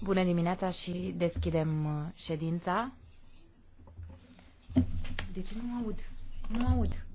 Bună dimineața și deschidem uh, ședința. De ce nu aud? Nu aud.